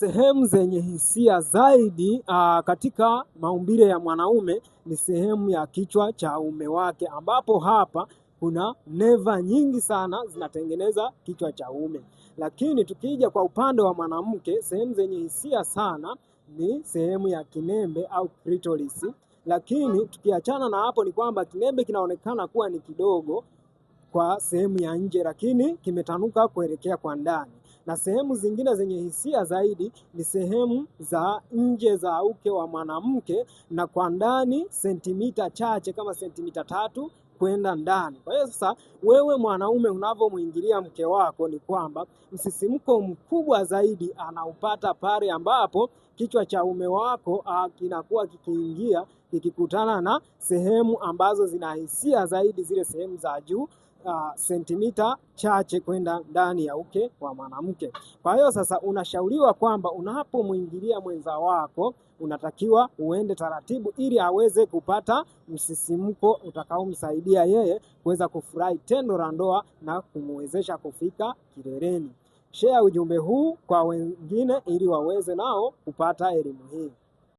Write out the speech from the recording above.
sehemu zenye hisia zaidi aa, ah, katika maumbile ya mwanaume ni sehemu ya kichwa cha uume wake, ambapo hapa kuna neva nyingi sana zinatengeneza kichwa cha uume. Lakini tukija kwa upande wa mwanamke, sehemu zenye hisia sana ni sehemu ya kinembe au clitoris. Lakini tukiachana na hapo, ni kwamba kinembe kinaonekana kuwa ni kidogo kwa sehemu ya nje, lakini kimetanuka kuelekea kwa ndani na sehemu zingine zenye hisia zaidi ni sehemu za nje za uke wa mwanamke na kwa ndani sentimita chache kama sentimita tatu kwenda ndani. Kwa hiyo sasa, wewe mwanaume unavyomwingilia mke wako ni kwamba msisimko mkubwa zaidi anaupata pale ambapo kichwa cha ume wako ah, kinakuwa kikiingia kikikutana na sehemu ambazo zina hisia zaidi, zile sehemu za juu ah, sentimita chache kwenda ndani ya uke wa mwanamke. Kwa hiyo sasa, unashauriwa kwamba unapomwingilia mwenza wako unatakiwa uende taratibu, ili aweze kupata msisimko utakaomsaidia kumsaidia yeye kuweza kufurahi tendo la ndoa na kumwezesha kufika kileleni. Share ujumbe huu kwa wengine ili waweze nao kupata elimu hii.